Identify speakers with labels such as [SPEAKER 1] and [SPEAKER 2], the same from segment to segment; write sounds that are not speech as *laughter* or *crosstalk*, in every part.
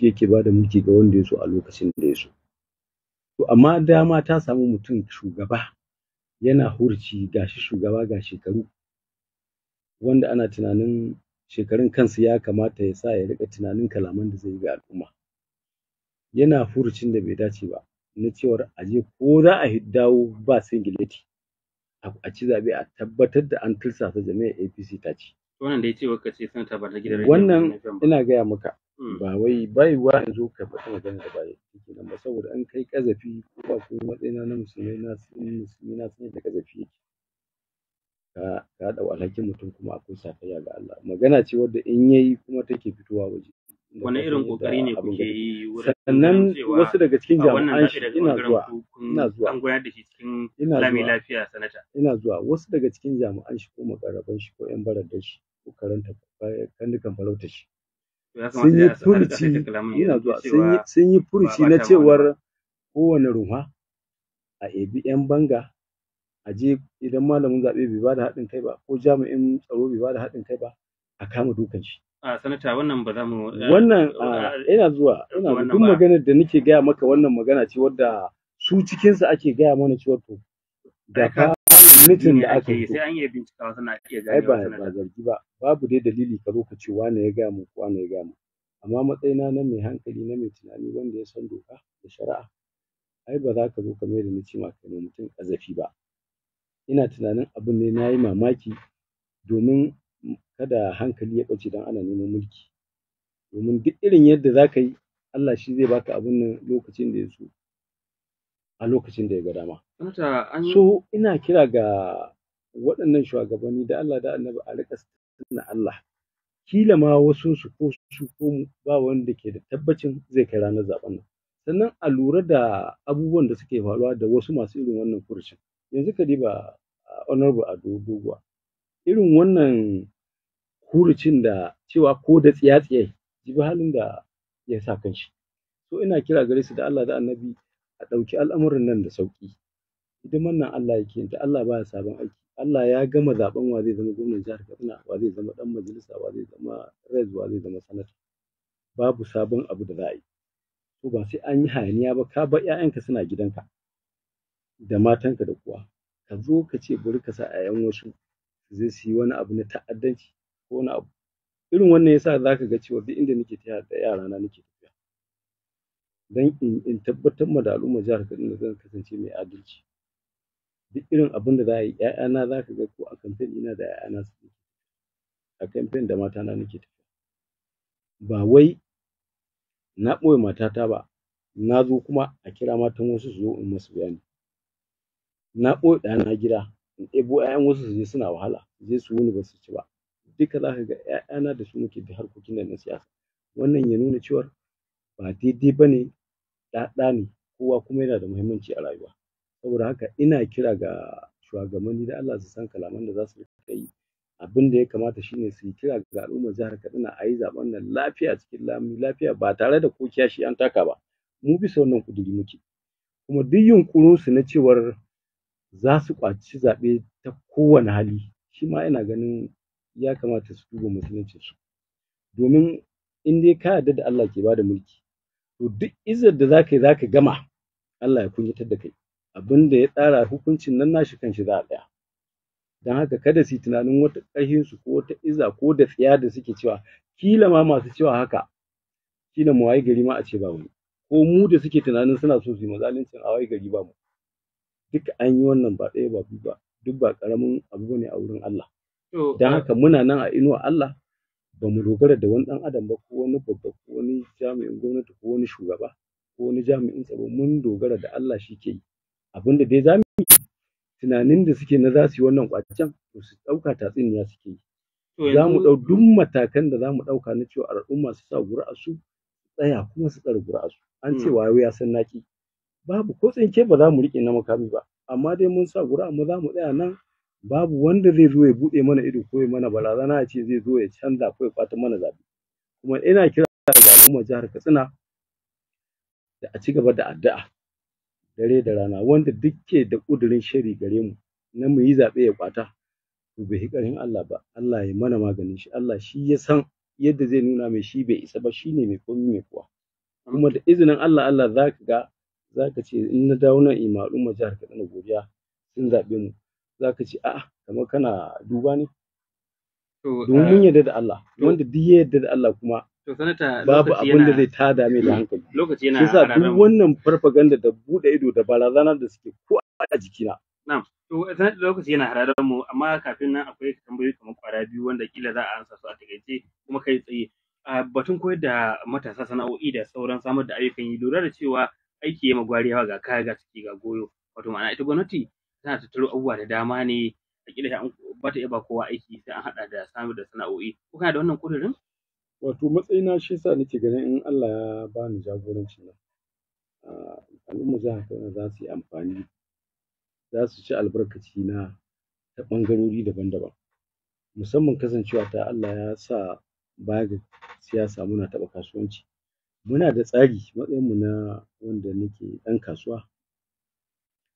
[SPEAKER 1] shi yake ba da mulki ga wanda ya so a lokacin da ya so to amma dama ta samu mutum shugaba yana hurci gashi shugaba ga shekaru wanda ana tunanin shekarun kansu ya kamata ya sa ya riƙa tunanin kalaman da zai yi ga al'umma yana furucin da bai dace ba na cewar aje ko za a dawo ba singileti a ci zaɓe a tabbatar da an tursasa jami'ar apc ta ci
[SPEAKER 2] wannan da ya ce sanata wannan ina gaya maka Mm. ba wai
[SPEAKER 1] bai yiwuwa in zo ka faɗi maganar da ba nan ba saboda in kai ƙazafi ko ba komai matsayina na musulmi na musulmi na san yadda ƙazafi yake ka ka ɗau alhakin mutum kuma akwai sakayya ga Allah magana ce wadda in yayi kuma take fitowa waje wani irin kokari ne kuke yi wurin sannan wasu daga cikin jami'an shi ina zuwa ina zuwa an
[SPEAKER 2] gudanar da shi cikin lami lafiya sanata
[SPEAKER 1] ina zuwa wasu daga cikin jami'an shi ko makaraban shi ko yan barar shi ko karanta kan dukan farautar shi
[SPEAKER 2] sun yi furuci ina zuwa sun yi furuci na cewar
[SPEAKER 1] kowane ruwa a ebi yan banga a je idan malamin zaɓe bai ba da haɗin kai ba ko jami'in tsaro bai ba da haɗin kai ba a kama dukan shi
[SPEAKER 2] a sanata wannan ba za mu eh, wannan
[SPEAKER 1] ina zuwa ina duk maganar da nake gaya maka wannan magana ce wadda su cikinsa ake gaya mana cewa to da mitin da aka yi sai an
[SPEAKER 2] iya bincikawa suna iya gane na ba
[SPEAKER 1] zargi ba babu dai dalili ka zo ka ce wane ya gaya mu wane ya gaya amma matsayina na mai hankali na mai tunani wanda ya san doka da shari'a ai ba za ka zo ka mai da ni cima ka mutum kazafi ba ina tunanin abin ne na yi mamaki domin kada hankali ya ɓace don ana neman mulki domin duk irin yadda za ka yi Allah shi zai baka abin nan lokacin da ya so a lokacin da ya ga dama. So ina kira ga waɗannan shugabanni da Allah da annabi a riƙa na Allah. Kila ma wasu su ko su ko ba wanda ke da tabbacin zai kai ranar zaben nan. Sannan a lura da abubuwan da suke faruwa da wasu masu irin wannan furucin. Yanzu ka diba ah, honorable Ado Doguwa. Irin wannan furucin da cewa ko da tsiya-tsiyai, ji halin da ya sa kanshi. So ina kira gare su da Allah da annabi a ɗauki al'amuran nan da sauƙi hidiman nan Allah yake yin ta Allah baya sabon aiki Allah ya gama zaɓen wa zai zama gwamnan jihar Katsina wa zai zama ɗan majalisa wa zai zama res wa zai zama sanata babu sabon abu da za a yi ko ba sai an yi hayaniya ba ka bar 'ya'yanka suna gidanka da matanka da kuwa ka zo ka ce bari ka sa a 'ya'yan wasu zai su yi wani abu na ta'addanci ko wani abu irin wannan yasa zaka ga cewa duk inda nake taya da yarana nake don in tabbatar ma da alumma jihar Kaduna zan kasance mai adalci duk irin abin da za a yi ƴaƴana za ka ga ko a kamfen ina da ƴaƴana suke a kamfen da mata na nake tafiya ba wai na ɓoye matata ba na zo kuma a kira matan wasu su zo in masu bayani na ɓoye ɗana gida in ɗebo ƴaƴan wasu su je suna wahala su je su wuni ba su ci ba duka za ka ga ƴaƴana da su muke da harkokin nan na siyasa wannan ya nuna cewar ba daidai ba ne Ɗaɗa ne kowa kuma yana da muhimmanci a rayuwa saboda haka ina kira ga shugabanni da Allah su san kalaman da za su yi abin da ya kamata shine su yi kira ga al'ummar jihar Katsina a yi zaben nan lafiya cikin lami lafiya ba tare da ko kiyashi an taka ba mu bisa wannan kuduri muke kuma duk yunkurin su na cewar za su ƙwaci zaɓe ta kowane hali shi ma ina ganin ya kamata su duba musuluncinsu domin in dai ka yarda da Allah ke bada mulki to duk izar da zaka yi zaka gama Allah ya kunyatar da kai abin da ya tsara hukuncin nan nashi kanshi za a tsaya don haka kada su tunanin wata ƙarfin ko wata iza ko da tsiya da suke cewa kila ma masu cewa haka kila mu waye gari ma a ce ba mu ko mu da suke tunanin suna so su yi mazalincin a waye gari ba mu duk an yi wannan ba ɗaya ba biyu ba duk ba ƙaramin abu ne a wurin Allah don haka muna nan a inuwa Allah ba mu dogara da wani ɗan adam ba ko wani babba ko wani jami'in gwamnati ko wani shugaba ko wani jami'in tsaro mun dogara da Allah shi ke yi abinda dai zamu yi tunanin da suke na za su yi wannan kwacen, to su ɗauka tatsuniya suke
[SPEAKER 2] yi za mu ɗau
[SPEAKER 1] duk matakan da za mu ɗauka na cewa al'umma su sa gura'a su tsaya kuma su tsare gura'a su an ce hmm. wayo ya san naki babu ko tsinke ba za mu riƙe na makami ba amma dai mun sa gura'a mu za mu tsaya nan babu wanda zai zo ya buɗe mana ido ko ya mana barazana ya ce zai zo ya canza ko ya ɓata mana zaɓe kuma ina kira ga al'ummar jihar Katsina da a ci gaba da addu'a dare da rana wanda duk da ƙudurin shiri gare mu na mu yi zaɓe ya ɓata to bai ƙarfin Allah ba Allah ya mana maganin shi Allah shi ya san yadda zai nuna mai shi bai isa ba shine mai komi mai kuwa kuma da izinin Allah Allah za ka ga za ce in na dawo nan imaru ma jihar Katsina godiya sun zaɓe mu zaka ce a'a kamar kana duba ne domin eh, mun yarda da Allah wanda duk ya yarda da Allah kuma babu abin da zai tada mai da hankali lokaci yana yasa duk wannan farfaganda da bude ido da barazana da suke ko a jikina na'am to lokaci yana hararar
[SPEAKER 2] mu amma kafin nan akwai tambayoyi kamar kwara biyu wanda kila za a ansa su a takaice kuma kai tsaye a batun koyar da matasa sana'o'i da sauran samar da ayyukan yi lura da cewa aiki ya magwariya ga kaya ga ciki ga goyo wato ma'ana ita gwamnati tana tattaro abubuwa da dama ne kila ba ta iya ba kowa aiki sai an haɗa da samun da sana'o'i ko kana da wannan ƙudurin
[SPEAKER 1] wato matsayina shi yasa nake ganin in Allah ya bani jagorancin nan ah, al'ummar jihar Kaduna za su yi amfani za su ci albarkaci na ta ɓangarori daban-daban musamman kasancewa ta Allah ya sa baya ga siyasa muna taɓa kasuwanci muna da tsari matsayinmu na wanda nake ɗan kasuwa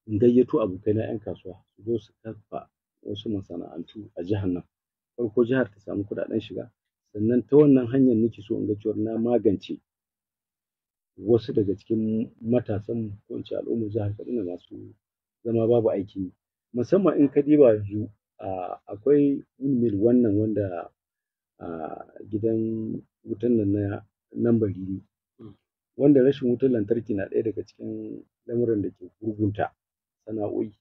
[SPEAKER 1] in gayyato abokaina ƴan kasuwa su zo su kafa wasu masana'antu a jihar nan farko jihar ta samu kuɗaɗen shiga sannan ta wannan hanyar nake so in ga cewar na magance wasu daga cikin matasan ko in ce al'ummar jihar Kaduna masu zama babu aiki, yi musamman in ka diba yanzu akwai windmill wannan wanda a gidan wutan nan na Ɗanbariri hmm. wanda rashin wutar lantarki na ɗaya daga cikin lamuran da ke gurgunta sana'o'i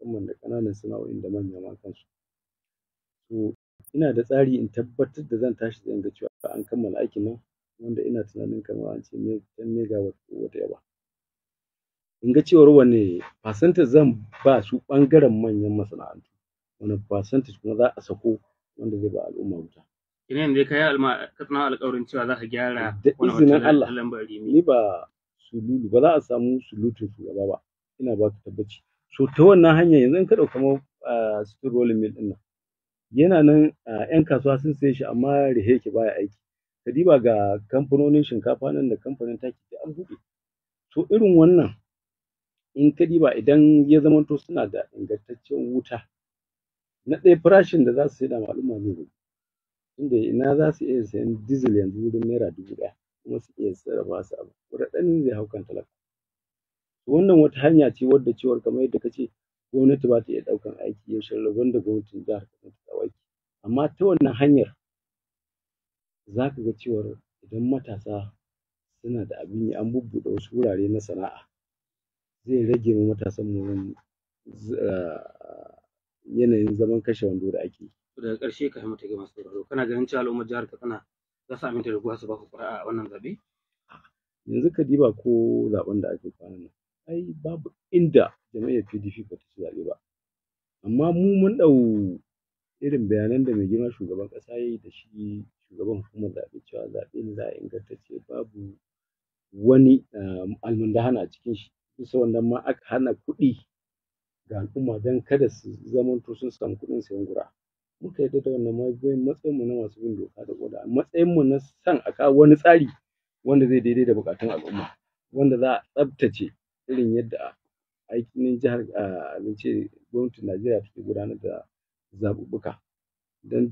[SPEAKER 1] musamman da ƙananan sana'o'in da manya ma kansu to ina da tsari in tabbatar da zan tashi in ga cewa an kammala aikin nan wanda ina tunanin kamar an ce ten megawatt ko whatever in ga cewar wanne percentage zan ba su ɓangaren manyan masana'antu wani percentage kuma za a sako wanda zai ba al'umma wuta
[SPEAKER 2] kenan dai kai alma kana alƙawarin cewa za ka gyara da izinin Allah
[SPEAKER 1] ni ba sululu ba za a samu sulutun shugaba ba ina baka tabbaci so ta wannan hanyar yanzu in ka ɗauka ma cikin rolling mill ɗin nan yana nan yan kasuwa sun saye shi amma rihe yake baya aiki ka diba ga kamfanonin shinkafa nan da kamfanin taki da an buɗe so irin wannan in ka diba idan ya zamanto suna da ingantaccen wuta na ɗaya farashin da za su saida ma al'umma ne ne inda ina za su iya sayan dizil yanzu wurin naira dubu ɗaya kuma su iya sarrafa su abu zai hau kan talaka wannan wata hanya ce wadda cewar kamar yadda kace gwamnati bata iya ɗaukan aiki yaushe rabon da gwamnatin jahar Kaduna ta ɗau aiki amma ta wannan hanyar zaka ga cewar idan matasa suna da abin yi an bubbuɗe wasu wurare na sana'a zai rage ma matasan mu eh, yanayin zaman kashe wando da ake yi.
[SPEAKER 2] Daga ƙarshe ka mu tafi masu sauraro kana ganin cewa al'ummar jihar Katsina za su aminta da ku su ba ku ƙuri'a a wannan zaɓe?
[SPEAKER 1] Yanzu ka diba ko zaɓen da ake kwanan nan ai babu inda jam'iyyar PDP ba ta ci zaɓe ba. Amma mu mun ɗau irin bayanan da mai girma shugaban ƙasa ya yi da shi shugaban hukumar zaɓe cewa zaɓe ne za a ce babu wani um, almundahana a cikin shi. kusa wannan ma aka hana kuɗi ga al'umma don kada su zamanto sun samu kuɗin sayan gura. Muka yarda da wannan matsayin matsayinmu na masu bin doka da oda mu na son a kawo wani tsari wanda zai daidai da buƙatun al'umma wanda za a tsabtace irin yadda ainihin jihar na ce gwamnatin Najeriya take gudanar da zaɓuɓɓuka don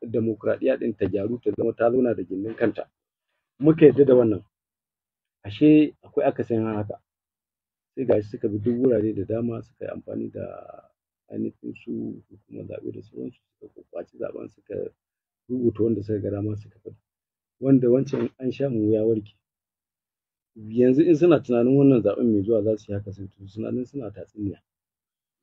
[SPEAKER 1] demokuraɗiyya ɗin ta gyaru ta zama ta zauna da gindin kanta muka yarda da wannan ashe akwai akasin haka sai ga shi suka bi duk wurare da dama suka yi amfani da ainihin su kuma zaɓe da sauransu suka ƙwaci zaɓen suka rubuta wanda suka ga dama suka faɗi wanda wancan an sha ya warke yanzu in suna tunanin wannan zaɓen mai zuwa za su yi haka sun to suna nan suna tatsuniya.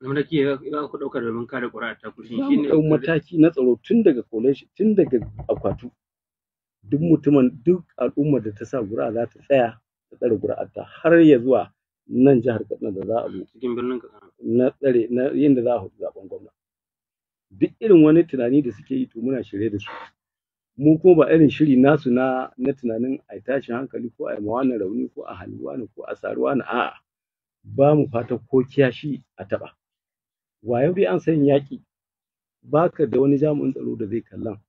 [SPEAKER 2] Wanda za ku ɗaukar domin kare ƙuri'ar ta kushi. Za mu ɗau mataki
[SPEAKER 1] na tsaro tun daga koleshi tun daga akwatu. Duk mutumin duk al'ummar da ta sa ƙuri'a za ta tsaya ta tsare ƙuri'ar ta har ya zuwa nan jihar Katsina da za a zo. Cikin birnin Katsina. Na tsare na yadda za a hudu zaɓen gwamna. Duk irin wani tunani da suke yi to muna shirye da su. mu kuma ba irin shiri nasu na na tunanin a tashin hankali ko a ma na rauni ko a halbi ne ko a saruwa ne a'a ba mu fata ko kiyashi a taɓa wayo dai an san yaki baka da wani jami'in tsaro da zai kallan.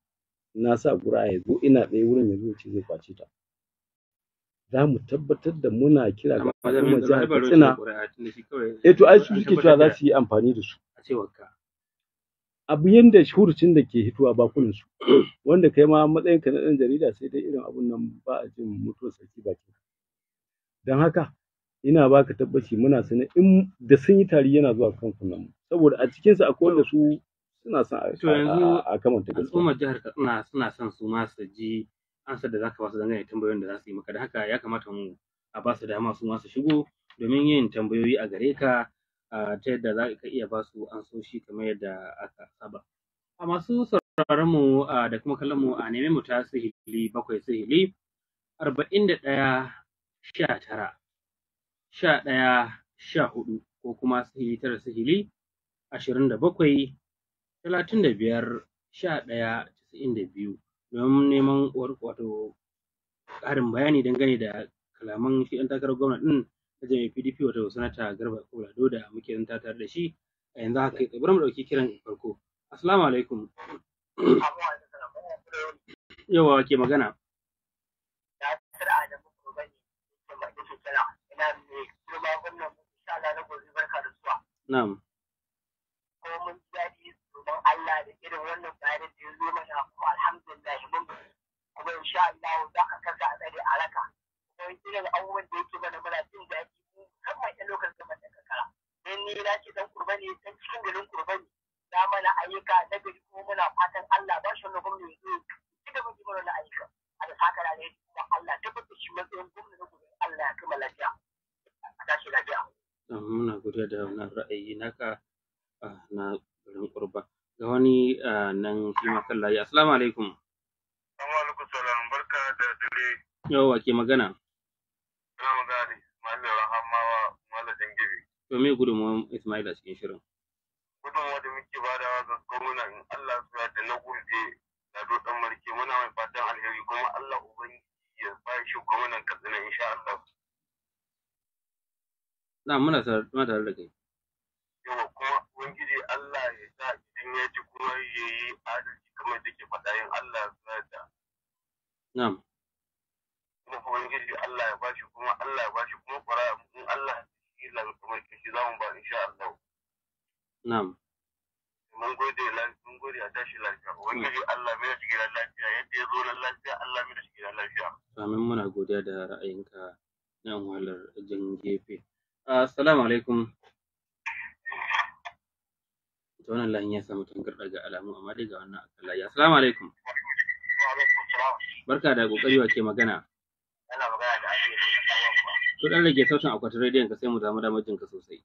[SPEAKER 1] na sa gura ya zo ina tsaye wurin ya zo ce zai kwace ta za mu tabbatar da muna kira ga hukumar jihar Katsina
[SPEAKER 2] eh to ai su suke cewa za su yi
[SPEAKER 1] amfani da su a cewar ka abu yanda shuhurcin da ke hituwa bakunan su *clears throat* wanda kai ma matsayin ka na ɗan jarida sai dai irin abun nan ba a jin mutuwar sarki baki don haka ina baka tabbaci muna sane in da sun yi tari yana zuwa kan kunnen mu saboda a cikin su akwai wanda su suna son a to yanzu a al'ummar jihar
[SPEAKER 2] Katsina suna son su ma su ji ansar da zaka ba su dangane tambayoyin da za su yi maka da haka ya kamata mu a ba su dama su ma su shigo domin yin tambayoyi a gare ka ta yadda za ka iya ba su amsoshi kamar yadda aka saba. A masu sauraron mu da kuma kallon mu a neman mu ta sihili bakwai sihili arba'in da ɗaya sha tara sha ɗaya sha hudu ko kuma sihili tara sihili ashirin da bakwai talatin da biyar sha ɗaya casa'in da biyu domin neman wato ƙarin bayani dangane da kalaman shi ɗan takarar gwamna ɗin ta jami'ar PDP wato sanata Garba kula Lado da muke zan tare da shi a yanzu haka kai bari dauki kiran farko assalamu alaikum yawa ke magana Na'am.
[SPEAKER 3] Ko mun ji daɗi domin Allah da irin wannan bayanin da ya zo mana kuma
[SPEAKER 2] rahmatullahi assalamu alaikum assalamu alaikum salam barka da dare yawa ke magana
[SPEAKER 3] ina magana ne malam rahamawa malam jangibi
[SPEAKER 2] to me gudunmuwan ismail a cikin shirin
[SPEAKER 3] gudunmuwa da muke bada ga gwamna in allah su da na gobe na dan marke muna mai fatan alheri kuma allah ubangiji ya ba shi gwamnan katsina insha allah
[SPEAKER 2] na muna tare da kai yawa kuma ubangiji mutum ya ji kuma ya yi adalci kamar da ke faɗa yin Allah ya da. Na'am. Kuma Ubangiji Allah ya bashi kuma Allah ya bashi kuma ƙwara in Allah shi lantarki
[SPEAKER 3] shi za mu ba insha Allah. Na'am. mun gode mun gode a tashi lafiya ubangiji Allah mai shi gidan lafiya yadda ya zo na lafiya Allah mai shi gidan lafiya amin
[SPEAKER 2] muna godiya da ra'ayinka na wahalar jan gefe assalamu alaikum ta wannan layin ya samu tangarɗa ga alamu amma dai ga wannan akan layi assalamu alaikum barka da kokari wa ke magana to dan rage sautin akwatin rediyon ka sai mu damu damar jinka sosai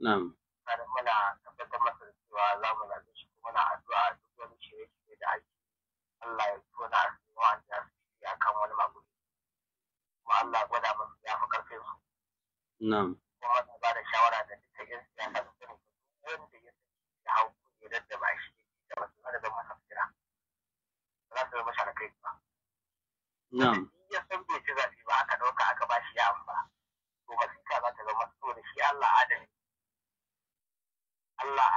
[SPEAKER 2] na'am
[SPEAKER 3] muna masa da cewa za mu zaɓe shi kuma na duk wani shirye-shirye da ake Allah ya tona wani maguri gwada masu ya fi ƙarfin su Na'am. Kuma ba da shawara da yan siyasa da kuma wanda ya san da hau da ba shi ne da wasu da zan Ba za su ba. ba aka ɗauka aka ba shi yawan ba. To za ta zama so da shi Allah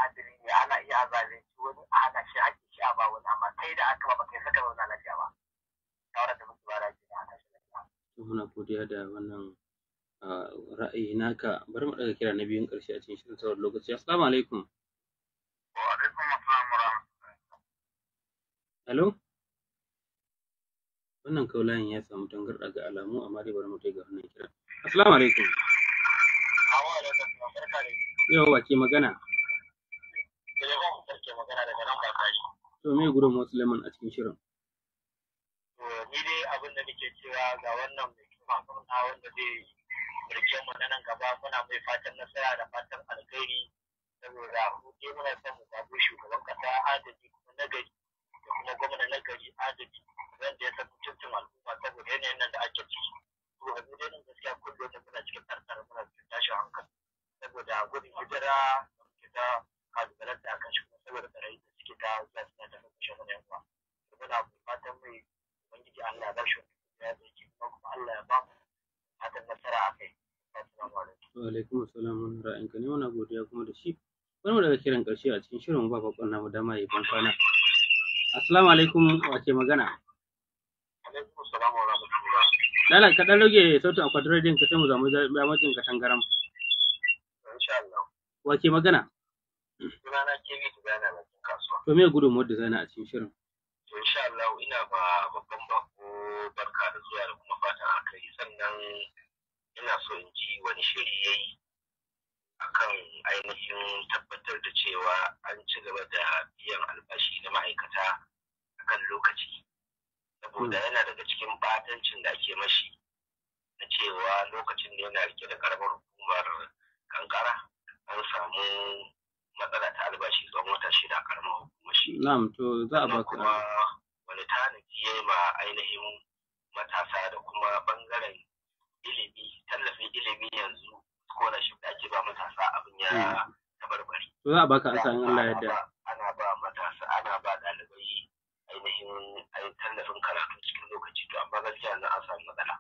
[SPEAKER 3] adali. ne ana iya zalunci wani a shi ake sha ba wani amma kai da aka ba kai saka lafiya ba. Shawarar da muke ba da lafiya.
[SPEAKER 2] Muna godiya da wannan ra'ayi naka bari mu daga kira na biyun karshe a cikin shirin tsawon lokaci assalamu alaikum wa
[SPEAKER 3] alaikum assalam wa rahmatullahi
[SPEAKER 2] hello wannan kaulayin ya samu tangarɗa ga alamu amma dai bari mu kai ga wannan kira assalamu alaikum yawwa ke magana eh, to me gurin wasu lemon a cikin shirin
[SPEAKER 3] ni dai abin da nake cewa ga wannan mai kima wanda zai shirken mu na nan gaba muna mai fatan nasara da fatan alkhairi saboda mu je muna son mu zaɓi shugaban kasa adadi kuma na gari da kuma gwamna gari adadi wanda ya san mutuncin al'umma saboda yanayin nan da ake ciki to a duniya nan gaskiya kullum da muna cikin tsartsar muna cikin tashin hankali saboda gudun hijira da muke ta kalubalar da aka shigo saboda ɓarayi da suke ta
[SPEAKER 2] wa alaikum assalam ne muna godiya kuma da shi bari daga kiran karshe a cikin shirin ba bakon namu dama ya ban kwana assalamu alaikum wa ke magana alaikum lala ka dan rage sautin akwatin rediyon ka sai mu zamu jama'in ka tangaram
[SPEAKER 3] Allah wa ke magana sunana ke bi da na kasuwa
[SPEAKER 2] to me gudunmuwar da zana a cikin shirin
[SPEAKER 3] akan ainihin tabbatar da cewa an ci gaba da biyan albashi na ma'aikata akan lokaci saboda hmm. yana daga cikin batancin da ake mashi na cewa lokacin da yana rike da karamar hukumar kankara an samu matsala ta albashi tsawon wata shida a karamar
[SPEAKER 2] hukumar shi na'am to
[SPEAKER 3] wani tanadi ya yi ma ainihin matasa da kuma bangaren
[SPEAKER 2] ilimi tallafin ilimi yanzu scholarship da ake ba matasa abin ya hmm. tabarbari. To za a baka asa Allah ya da. Ana ba matasa ana ba ɗalibai ainihin tallafin karatu cikin lokaci to amma gaskiya na an samu matsala.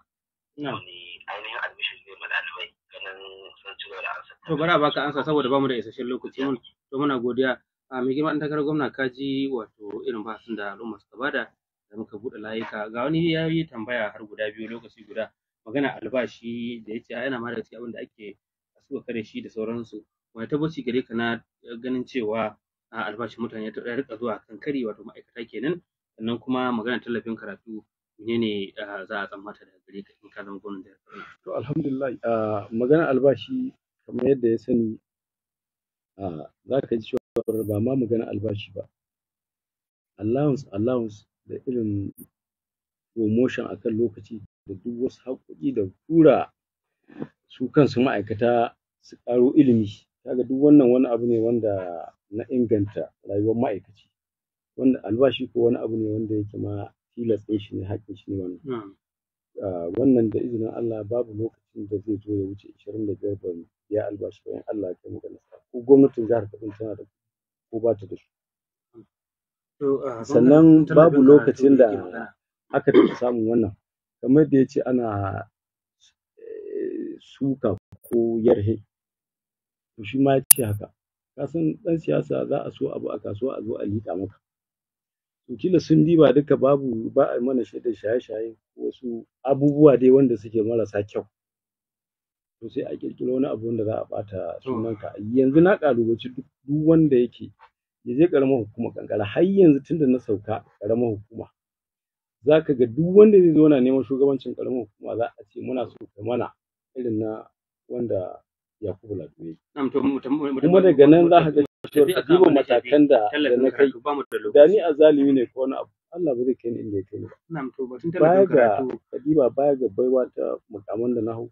[SPEAKER 2] Wani ainihin admission zai ma ɗalibai ganin sun ci da ansa. To bara baka ansa saboda bamu da isasshen lokaci mun to muna godiya. a mai girma takarar gwamna ka ji wato irin bahasin da al'umma suka bada da muka buɗe layuka ga wani ya yi tambaya har guda biyu lokaci guda magana albashi da yace yana ma daga cikin abin da ake suka kare shi da sauransu wani tabbaci gare ka na ganin cewa albashin mutane ya rika zuwa kan kari wato ma'aikata kenan sannan kuma magana tallafin karatu ne ne za a tsammata daga gare
[SPEAKER 1] ka in ka zama gwamnan jihar To alhamdulillah magana albashi kamar yadda ya sani za ka ji cewa ba ma magana albashi ba allowance allowance da irin promotion akan lokaci da duk wasu haƙoƙi da kura su kansu ma'aikata su ƙaro ilimi kaga duk wannan wani abu ne wanda na inganta rayuwar ma'aikaci wanda albashi ko wani abu ne wanda yake ma tilas shi ne haƙƙin shi ne wannan wannan da izinin Allah babu lokacin da zai zo ya wuce ishirin da biyar ban biya albashi ba in Allah ya kaimu ko gwamnatin jihar kadin tana da ko bata da shi.
[SPEAKER 2] sannan babu lokacin da
[SPEAKER 1] aka taɓa samun wannan kamar da yace ana eh, suka ko yarhe to ma yace haka kasan ɗan siyasa za so abu a kasuwa a zo a liƙa maka to kila sun diba duka babu ba a mana shaida shaye-shaye wasu abubuwa dai wanda suke marasa kyau to sai a ƙirƙiro wani abu wanda a ɓata sunan ka yanzu na ƙalubalanci duk wanda yake yaje ƙaramar hukuma Kankara har yanzu tunda na sauka ƙaramar hukuma za ka ga duk wanda zai zo na neman shugabancin ƙaramin hukuma za a ce muna so ku mana irin na wanda Yakubu Lado Kuma daga nan za ka ga cewa duba matakan da na kai da ni a zalimi ne ko wani abu Allah ba zai kai ni inda ya kai ni ba. Baya ga kadiba baya ga baiwa ta mukaman da na hau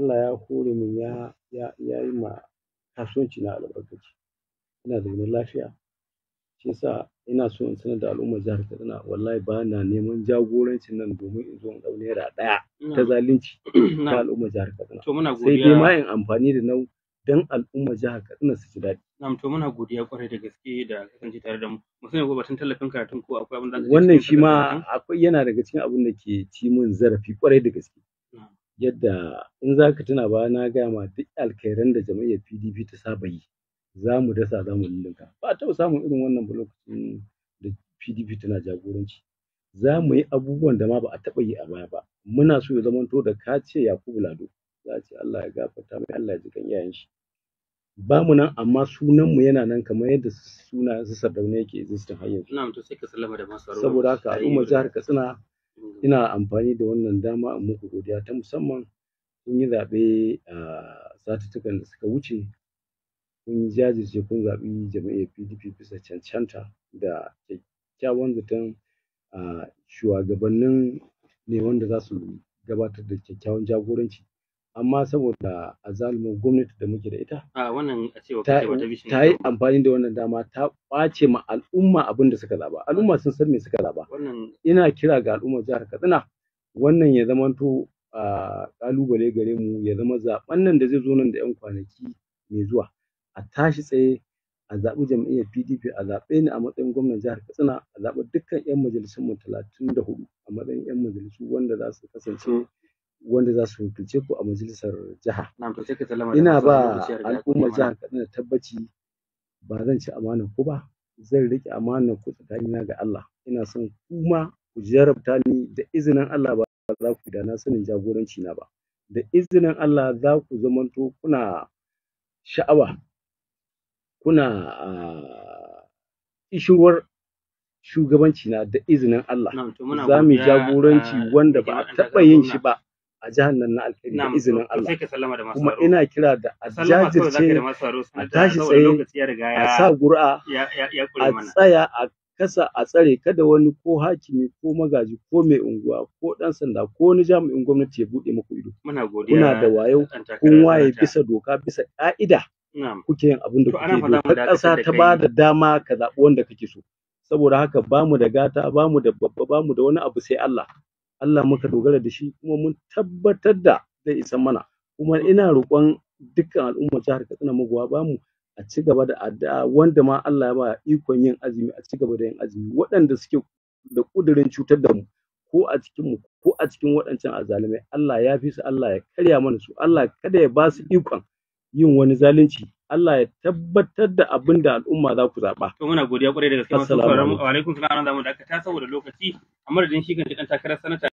[SPEAKER 1] Allah ya hore min ya ya yi ma kasuwanci na albarkaci. Ina da lafiya shi yasa ina so in sanar da al'ummar jihar Katsina wallahi ba na neman jagorancin nan domin in zo in ɗau naira ɗaya ta zalunci *clears throat* ta al'ummar jihar Katsina sai dai ma in amfani da nau dan al'ummar jihar Katsina su ji daɗi.
[SPEAKER 2] Na'am to muna godiya kwarai da gaske da kasance tare da mu. Musamman ko batun tallafin karatun ko akwai abin da Wannan shi ma
[SPEAKER 1] akwai yana daga cikin abin da ke ci min zarafi kwarai da gaske. Yadda in za ka tuna ba na gaya ma duk alkhairan da jam'iyyar PDP ta saba yi. za mu dasa za mu lullunka ba a taɓa samun irin wannan ba lokacin da pdp tana jagoranci za mu yi abubuwan da ma ba a taɓa yi a baya ba muna so ya zamanto da ka ce yakubu lado za a ce allah ya gafarta mai allah ya ji iyayen shi ba mu nan amma sunanmu yana nan kamar yadda suna su sardauna yake existing har yanzu
[SPEAKER 2] na'am to sai ka sallama da masu saboda haka al'ummar jihar katsina
[SPEAKER 1] mm. ina amfani da wannan dama a muku godiya ta musamman kun yi zaɓe a satuttukan da suka wuce kun jajirce kun zaɓi jam'iyyar PDP bisa cancanta da kyakkyawan zaton a shugabannin ne wanda za su gabatar da kyakkyawan jagoranci amma saboda azalumin gwamnati da muke da ita
[SPEAKER 2] ta yi
[SPEAKER 1] amfani da wannan dama ta ɓace ma al'umma abin da suka zaba al'umma sun san me suka zaɓa. ina kira ga al'ummar jihar Katsina wannan ya zamanto a kalubale gare mu ya zama zaɓen nan da zai zo nan da yan kwanaki mai zuwa a tashi tsaye a zaɓi jam'iyyar PDP a zaɓe ni a matsayin gwamnan jihar Katsina a zaɓi dukkan 'yan majalisun mu hudu a matsayin 'yan majalisu wanda za su kasance wanda za su wakilce ku a majalisar jiha.
[SPEAKER 2] Ina ba al'ummar jihar
[SPEAKER 1] Katsina tabbaci ba zan ci amanar ku ba zan riƙe amanar ku tsakanina ga Allah ina son kuma ku jarabta ni da izinin Allah ba za ku da na sanin jagoranci na ba da izinin Allah za ku zamanto kuna sha'awa kuna a shugabanci na da izinin Allah za mu jagoranci eh, wanda ba a taɓa yin shi ba a jihar nan na alkhairi da izinin Allah kuma ina kira da a jajirce
[SPEAKER 2] a tashi tsaye a sa gura a tsaya a
[SPEAKER 1] kasa a tsare kada wani ko hakimi ko magaji ko mai unguwa ko dan sanda ko wani jami'in gwamnati ya buɗe muku ido
[SPEAKER 2] kuna da wayo kun waye bisa
[SPEAKER 1] doka bisa ƙa'ida. kuke yin abin da kuke yi ta ƙasa ta ba da dama ka zaɓi wanda kake so saboda haka ba mu da gata ba mu da babba ba mu da wani abu sai Allah Allah muka dogara da shi kuma mun tabbatar da zai isa mana kuma ina roƙon dukkan al'ummar jihar Katsina muguwa, ba mu a ci gaba da addu'a wanda ma Allah ya ba ikon yin azumi a ci gaba da yin azumi waɗanda suke da ƙudurin cutar da mu ko a cikin mu ko a cikin waɗancan azalumai Allah ya fi su Allah ya karya mana su Allah kada ya ba su ikon yin wani zalunci Allah ya tabbatar da abin da al'umma za ku zaɓa.
[SPEAKER 2] To muna godiya kwarai da gaske masu sauraron mu. Wa alaikum salam zamu da aka ta saboda lokaci. da din shi kan takarar sanata